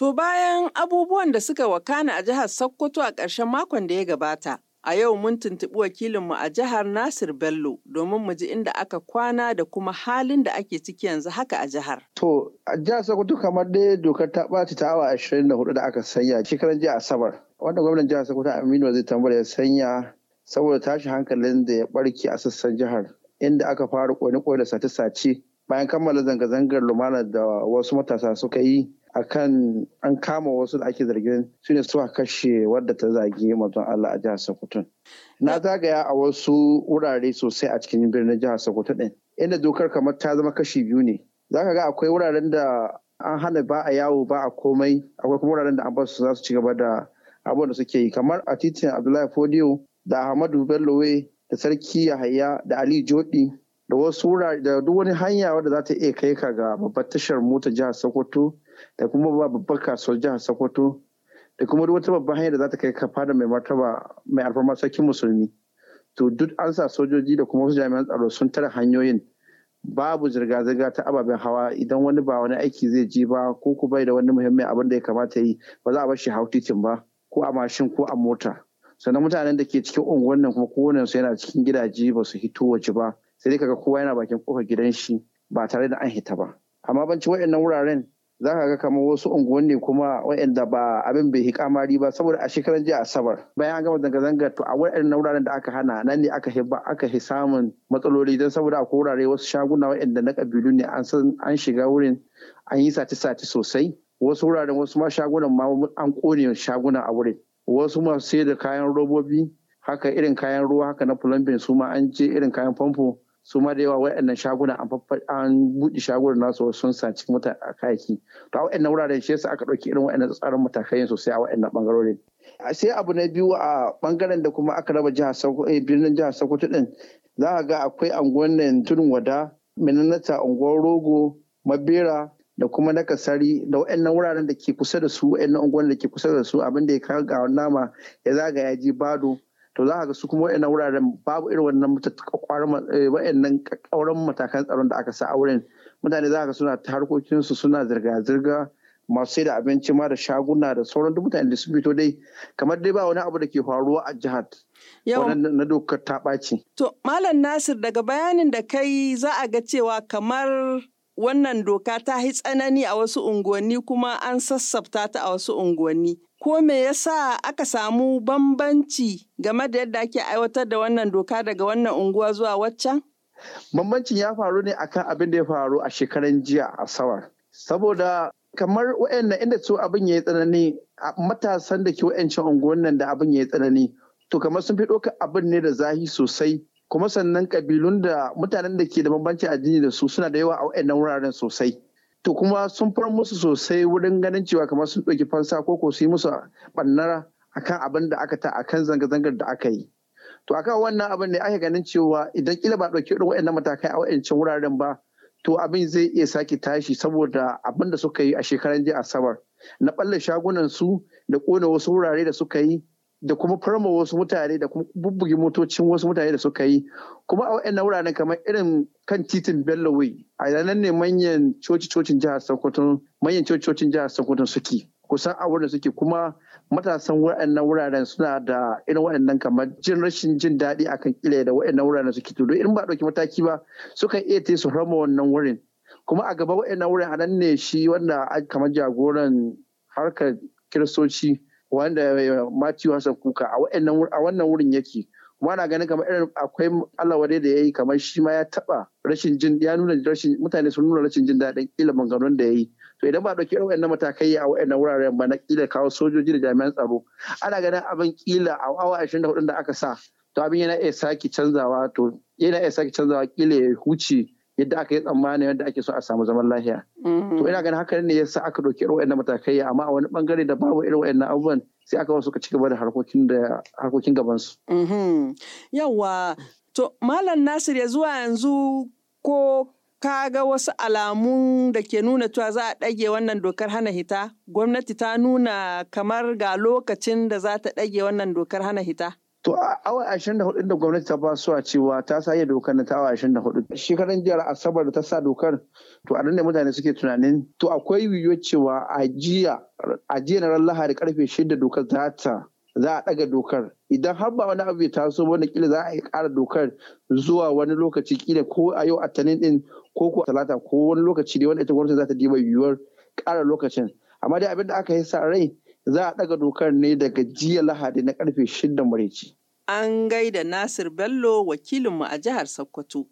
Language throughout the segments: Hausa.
To bayan abubuwan da suka wakana a jihar Sokoto a ƙarshen makon da ya gabata, a yau mun tuntuɓi wakilinmu a jihar Nasir Bello domin mu ji inda aka kwana da kuma halin da ake ciki yanzu haka a jihar. To, a jihar Sokoto kamar dai dokar ta ɓaci ta awa 24 da aka sanya shekaran jiya Asabar. Wanda gwamnan jihar Sokoto Aminu zai tambar ya sanya saboda tashi hankalin da ya ɓarke a sassan jihar inda aka fara ƙone-ƙone da sace-sace bayan kammala zanga-zangar lumana da wasu matasa suka yi akan an kama wasu da ake zargin su ne suka kashe wadda ta zagi mazan Allah a jihar Sokoto. Na zagaya a wasu wurare sosai a cikin birnin jihar Sokoto ɗin Inda dokar kamar ta zama kashi biyu ne. Za ka ga akwai wuraren da an hana ba a yawo ba a komai akwai kuma wuraren da an ba su za su ci gaba da abubuwan da suke yi kamar a titin Abdullahi Fodiyo da Ahmadu Bellowe da Sarki Yahaya da Ali Jodi da wasu wurare da duk wani hanya wadda za ta iya kai ka ga babbar tashar mota jihar Sokoto da kuma ba babbar kasuwar jihar sokoto da kuma duk wata babbar hanyar da za ta kai kafa da mai martaba mai alfarma sarkin musulmi to duk an sa sojoji da kuma wasu jami'an tsaro sun tare hanyoyin babu zirga-zirga ta ababen hawa idan wani ba wani aiki zai ji ba ko ku bai da wani muhimmin abin da ya kamata yi ba za a bar shi hau titin ba ko a mashin ko a mota sannan mutanen da ke cikin unguwannin nan kuma kowane su yana cikin gidaje ba su hito waje ba sai dai kaga kowa yana bakin kofar gidan shi ba tare da an hita ba amma banci waɗannan wuraren za ka ga kamar wasu unguwanni kuma waɗanda ba abin bai hi kamari ba saboda a shekaran jiya asabar bayan an gama zanga-zanga to a na wuraren da aka hana nan ne aka hi aka hi samun matsaloli don saboda a wurare wasu shaguna waɗanda na kabilu ne an san an shiga wurin an yi sati-sati sosai wasu wuraren wasu ma shagunan ma an kone shaguna a wurin wasu ma sai da kayan robobi haka irin kayan ruwa haka na plumbing su ma an je irin kayan famfo su ma da yawa waɗannan shaguna an buɗe shagunan nasu sun saci mutane a kayaki to a waɗannan wuraren shi yasa aka ɗauki irin waɗannan tsarin matakai sosai a waɗannan ɓangarorin sai abu na biyu a ɓangaren da kuma aka raba jihar sokoto eh, birnin jihar sokoto din za a ga akwai anguwannin tudun wada minanta unguwar rogo mabera da kuma na kasari da waɗannan wuraren da ke kusa da su waɗannan unguwan da ke kusa da su abin da ya kawo ga nama ya zaga ya ji bado to za a ga su kuma wa'in wuraren babu irin wannan wa'in eh, kauran matakan tsaron da aka sa a wurin mutane za a ga suna ta harkokinsu suna zirga-zirga masu sai da abinci ma da shaguna da sauran duk mutane da su fito dai kamar dai ba wani abu da ke faruwa a jihar na dokar ta ɓaci. To Malam Nasir daga bayanin da kai za a ga cewa kamar wannan doka ta yi tsanani a wasu unguwanni kuma an sassafta ta a wasu unguwanni. ko me yasa aka samu bambanci game da yadda ake aiwatar da wannan doka daga wannan unguwa zuwa waccan? Bambancin ya faru ne akan abin da ya faru a shekaran jiya a sawar. Saboda kamar wa'annan inda su abin ya yi tsanani matasan da ke wa'ancin nan da abin ya yi tsanani to kamar sun fi ɗaukar abin ne da zahi sosai kuma sannan kabilun da mutanen da ke da bambanci addini da su suna da yawa a wa'annan wuraren sosai. to kuma sun far musu sosai wurin ganin cewa kamar sun ɗauki fansa ko ko su yi musu ɓannara akan abin da aka ta akan zanga-zangar da aka yi to akan wannan abin ne aka ganin cewa idan kila ba ɗauki irin waɗannan matakai a waɗancan wuraren ba to abin zai iya sake tashi saboda abin da suka yi a shekaran jiya asabar na ɓalla shagunan su da ƙona wasu wurare da suka yi da kuma farma wasu mutane da kuma bubbuge motocin wasu mutane da suka yi kuma a waɗannan wuraren kamar irin kan titin bello way a yanar ne manyan coci-cocin jihar sokoto manyan coci-cocin jihar sokoto suke kusan a wurin suke kuma matasan waɗannan wuraren suna da irin nan kamar jin rashin jin daɗi akan kila da waɗannan wuraren suke to irin ba ɗauki mataki ba sukan iya ta su rama wannan wurin kuma a gaba waɗannan wurin a nan ne shi wanda kamar jagoran harkar kiristoci wanda Matthew Hassan Kuka a wannan wurin yake kuma na ganin kamar irin akwai alawade da ya yi kamar shi ma ya taba rashin jin ya nuna rashin mutane sun nuna rashin jin daɗin ƙila maganganun da ya yi to idan ba ɗauki irin waɗannan matakai a waɗannan wuraren ba na kila kawo sojoji da jami'an tsaro ana ganin abin kila a awa 24 da aka sa to abin yana iya sake canzawa to yana iya sake canzawa kila ya huce yadda aka yi tsammanin yadda ake so a samu zaman lafiya. Mm-hmm. To ina ganin hakan ne yasa aka ɗauki irin waɗannan matakai amma a wani bangare da babu irin waɗannan abubuwan sai aka wasu ka ci gaba da harkokin da harkokin gabansu. Mm-hmm. Yawwa to Malam Nasir ya zuwa yanzu ko ka ga wasu alamun da ke nuna cewa za a ɗage wannan dokar hana hita? Gwamnati ta nuna kamar ga lokacin da za ta ɗage wannan dokar hana hita? To awa 24 da gwamnati ta ba su a cewa ta sa iya dokar na ta awa 24. Shekaran jihar Asabar da ta sa dokar to a da mutane suke tunanin to akwai yiwuwar cewa a jiya na ran lahari karfe 6 dokar za ta za a ɗaga dokar idan har ba wani abu ya taso wanda kila za a yi ƙara dokar zuwa wani lokaci kila ko a yau a tanin din ko ko talata ko wani lokaci dai wanda ita gwamnati za ta diba yiwuwar ƙara lokacin amma dai abin da aka yi sa rai za a ɗaga dokar ne daga jiya lahadi na karfe shida maraici. An gaida Nasir Bello wakilinmu a jihar Sokoto.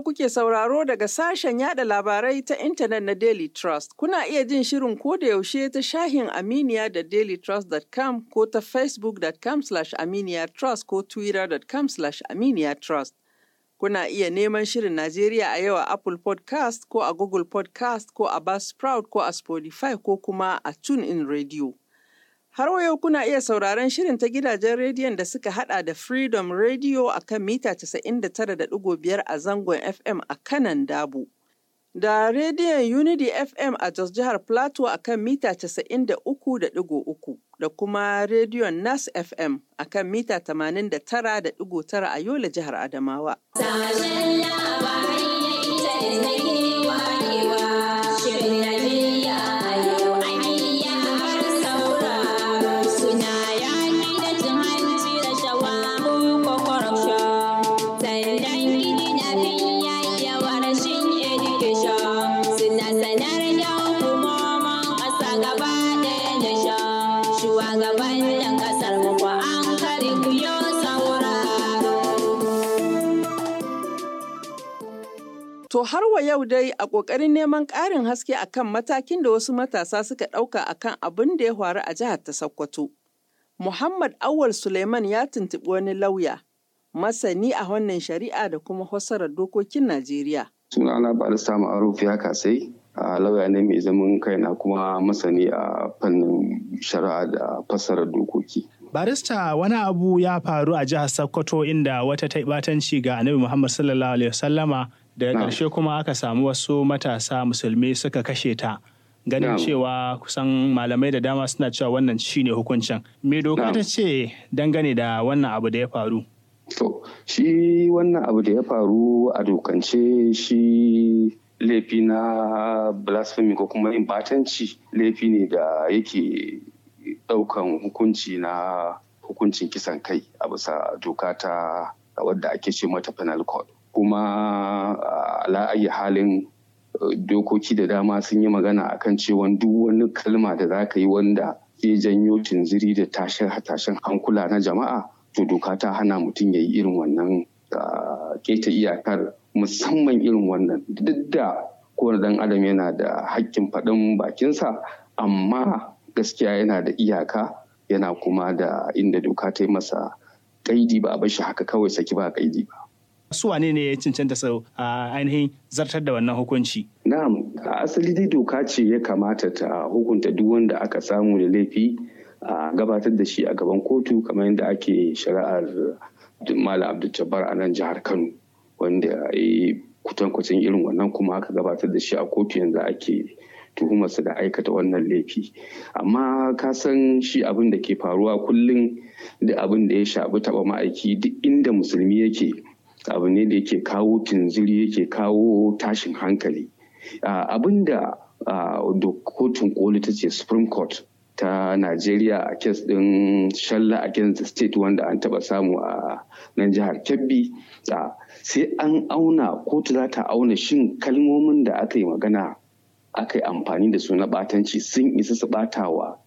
Kallo kuke sauraro daga sashen yada labarai ta intanet na Daily Trust. Kuna iya jin shirin ko da yaushe ta shahin Aminiya da dailytrust.com ko ta facebook.com slash aminiya ko twitter.com slash aminiya trust. Kuna iya neman shirin Najeriya a yau a Apple podcast ko a Google podcast ko a Buzzsprout ko a Spotify ko kuma a TuneIn Radio. Har wa yau kuna iya sauraron shirin ta gidajen rediyon da suka hada da Freedom Radio a kan mita 99.5 a zangon FM a kanan Dabu. Da rediyon Unity FM a Jos Jihar Plateau a kan mita 93.3 da kuma rediyon Nas FM a kan mita 89.9 a Yola Jihar Adamawa. labarai na yi. To har wa yau dai a ƙoƙarin neman ƙarin haske akan matakin da wasu matasa suka ɗauka akan abin da ya faru a jihar ta Sokoto. Muhammad Awal Suleiman ya tuntuɓi wani lauya, masani a wannan shari'a da kuma hasarar dokokin Najeriya. Sunana ba da samu aruf haka sai a lauya ne mai zaman kaina kuma masani a fannin shari'a da fassarar dokoki. barista wani abu ya faru a jihar sokoto inda wata taibatanci ga annabi muhammad sallallahu alaihi wasallama daga ƙarshe kuma aka samu wasu matasa musulmi suka kashe ta ganin cewa kusan malamai da dama suna cewa wannan shine hukuncin me doka ta ce dangane da wannan abu da ya faru to shi wannan abu da ya faru a dokance shi laifi na blasphemy ko kuma yin batanci laifi ne da yake ɗaukan hukunci na hukuncin kisan kai a bisa doka ta wadda ake ce mata penal code kuma ayi halin eh, dokoki da dama sun yi magana a kan cewa duk wani kalma da za ka yi wanda zai janyo cinziri da tashin hankula na jama'a to doka ta hana mutum ya yi irin wannan ah, keta iyakar musamman irin wannan duk da kowane dan adam yana da hakkin faɗin bakinsa amma gaskiya yana da iyaka yana kuma da inda doka ta yi masa kaidi ba a bashi shi haka kawai saki ba kaidi ba su wane ne ya cancanta sau a ainihin zartar da wannan hukunci. Na'am, a asali dai doka ce ya kamata ta hukunta duk wanda aka samu da laifi a gabatar da shi a gaban kotu kamar yadda ake shari'ar Malam Abdul Jabbar a nan jihar Kano wanda ya yi kutankwacin irin wannan kuma aka gabatar da shi a kotu yanzu ake tuhumarsa da aikata wannan laifi amma ka san shi abin da ke faruwa kullum da abin da ya shafi taba ma'aiki duk inda musulmi yake abu ne da yake kawo tunziri yake kawo tashin hankali abin da kotun koli ta ce supreme court ta nigeria a kes ɗin Shalla against the state wanda an taɓa samu a nan jihar Kebbi sai an auna kotu za ta auna shin kalmomin da aka yi magana aka yi amfani da su na batanci sun isa su batawa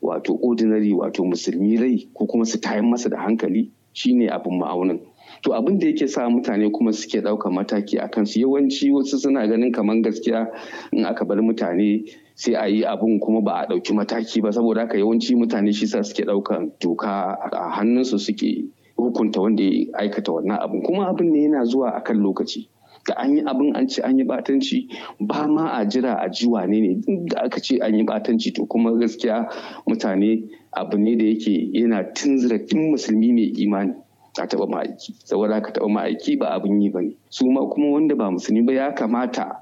wato ordinary wato musulmi rai ko kuma su tayin masa da hankali shine abin ma'aunin to abin da yake sa mutane kuma suke ɗauka mataki a kansu yawanci wasu suna ganin kamar gaskiya in aka bar mutane sai a yi abin kuma ba a ɗauki mataki ba saboda haka yawanci mutane shi sa suke ɗaukan doka a hannunsu suke hukunta wanda ya aikata wannan abin kuma abin ne yana zuwa akan lokaci da an yi abin an ce an yi batanci ba ma a jira a ji wane ne da aka ce an yi batanci to kuma gaskiya mutane abu ne da yake yana tunzura tun musulmi mai imani ka taɓa ma'aiki saboda ka taɓa ma'aiki ba abin yi ba ne su ma kuma wanda ba musulmi ba ya kamata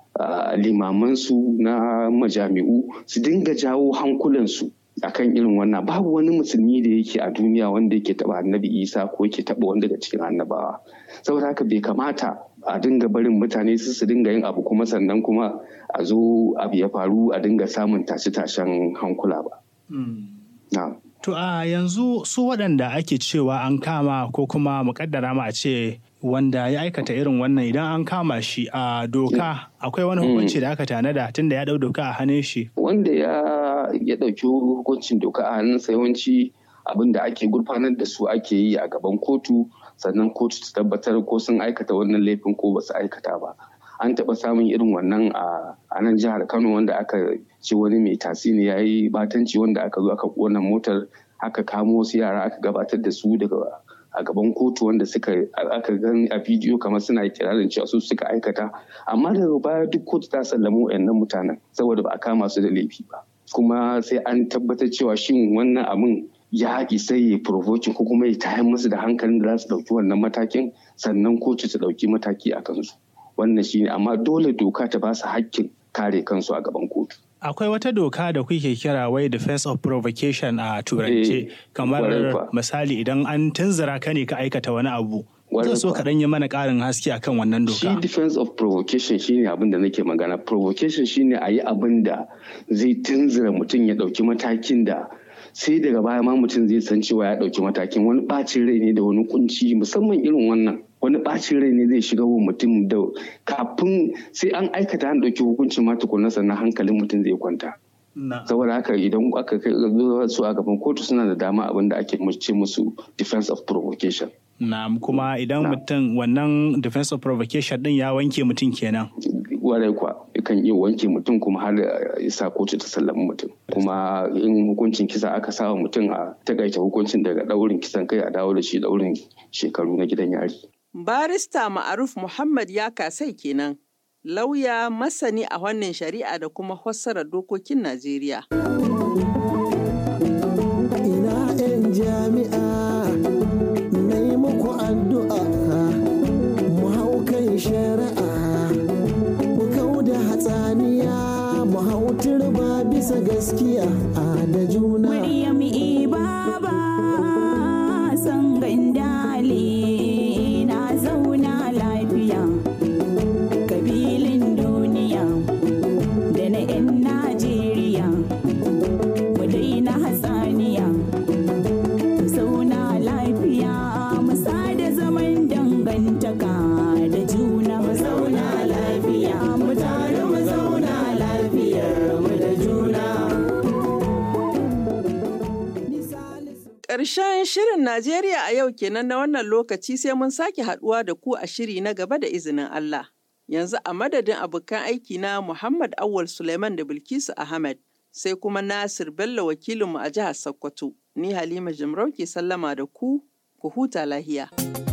limamansu na majami'u su dinga jawo hankulansu akan irin wannan babu wani musulmi da yake a duniya wanda yake taɓa annabi isa ko yake taɓa wanda daga cikin annabawa saboda haka bai kamata a dinga barin mutane su su dinga yin abu kuma sannan kuma a zo abu ya faru a dinga samun tashe-tashen hankula ba. Hmm. To a yanzu su waɗanda ake cewa an kama ko kuma muƙaddara ma a ce wanda ya aikata irin wannan idan an kama shi a doka akwai wani hukunci mm. da aka tanada tunda ya ɗau doka a hannun shi. Wanda ya ɗauki hukuncin doka a sa yawanci abin da ake gurfanar da su ake yi a gaban kotu sannan kotu ta tabbatar ko sun aikata wannan laifin ko ba su aikata ba. an taɓa samun irin wannan a nan jihar kano wanda aka ce wani mai tasiri ya yi batanci wanda aka zo aka kona motar aka kamo wasu yara aka gabatar da su daga a gaban kotu wanda suka aka gani a bidiyo kamar suna kirarin cewa su suka aikata amma daga baya duk kotu ta sallamo wayannan mutanen saboda ba a kama su da laifi ba kuma sai an tabbatar cewa shin wannan abun ya isa ya provoking ko kuma ya tayar musu da hankalin da za su ɗauki wannan matakin sannan kotu su ɗauki mataki a kansu. wannan shi ne amma dole doka ta ba su hakkin kare kansu a gaban kotu akwai wata doka da kuke kira wai defense of provocation a turance eh, kamar misali idan an tunzura ka ne ka aikata wani abu zan so ka yi mana ƙarin haske akan wannan doka shi defense of provocation ne abin da nake magana provocation shi ne a yi abin da zai tunzura mutum ya ɗauki matakin da sai daga baya ma mutum zai san cewa ya ɗauki matakin wani ɓacin rai ne da wani kunci musamman irin wannan wani ɓacin rai ne zai shiga wa mutum da kafin sai an aikata an ɗauki hukuncin ma tukuna sannan hankalin mutum zai kwanta. saboda haka idan aka kai su a gaban kotu suna da dama abin da ake ce musu defense of provocation. Na'am kuma idan mutum wannan defense of provocation din ya wanke mutum kenan. Warai kuwa kan iya wanke mutum kuma har isa kotu ta sallami mutum. Kuma in hukuncin kisa aka sawa mutum a ta hukuncin daga daurin kisan kai a dawo da shi daurin shekaru na gidan yari. Barista Ma'aruf Muhammad ya kasai kenan, lauya masani a wannan shari'a da kuma fassarar dokokin Najeriya. Ina 'yan jami'a mai muku addu'a mu hau kan shari'a ku kau da hatsaniya mu hau turba bisa gaskiya da juna. Shirin Najeriya a yau kenan na wannan lokaci sai mun sake haduwa da ku a shiri na gaba da izinin Allah. Yanzu a madadin abokan aiki na Muhammad Awal Suleiman da Bilkisu Ahmed sai kuma Nasir Bello wakilinmu a jihar Sokoto. Ni Halima Jimarau ke sallama da ku, ku huta lahiya.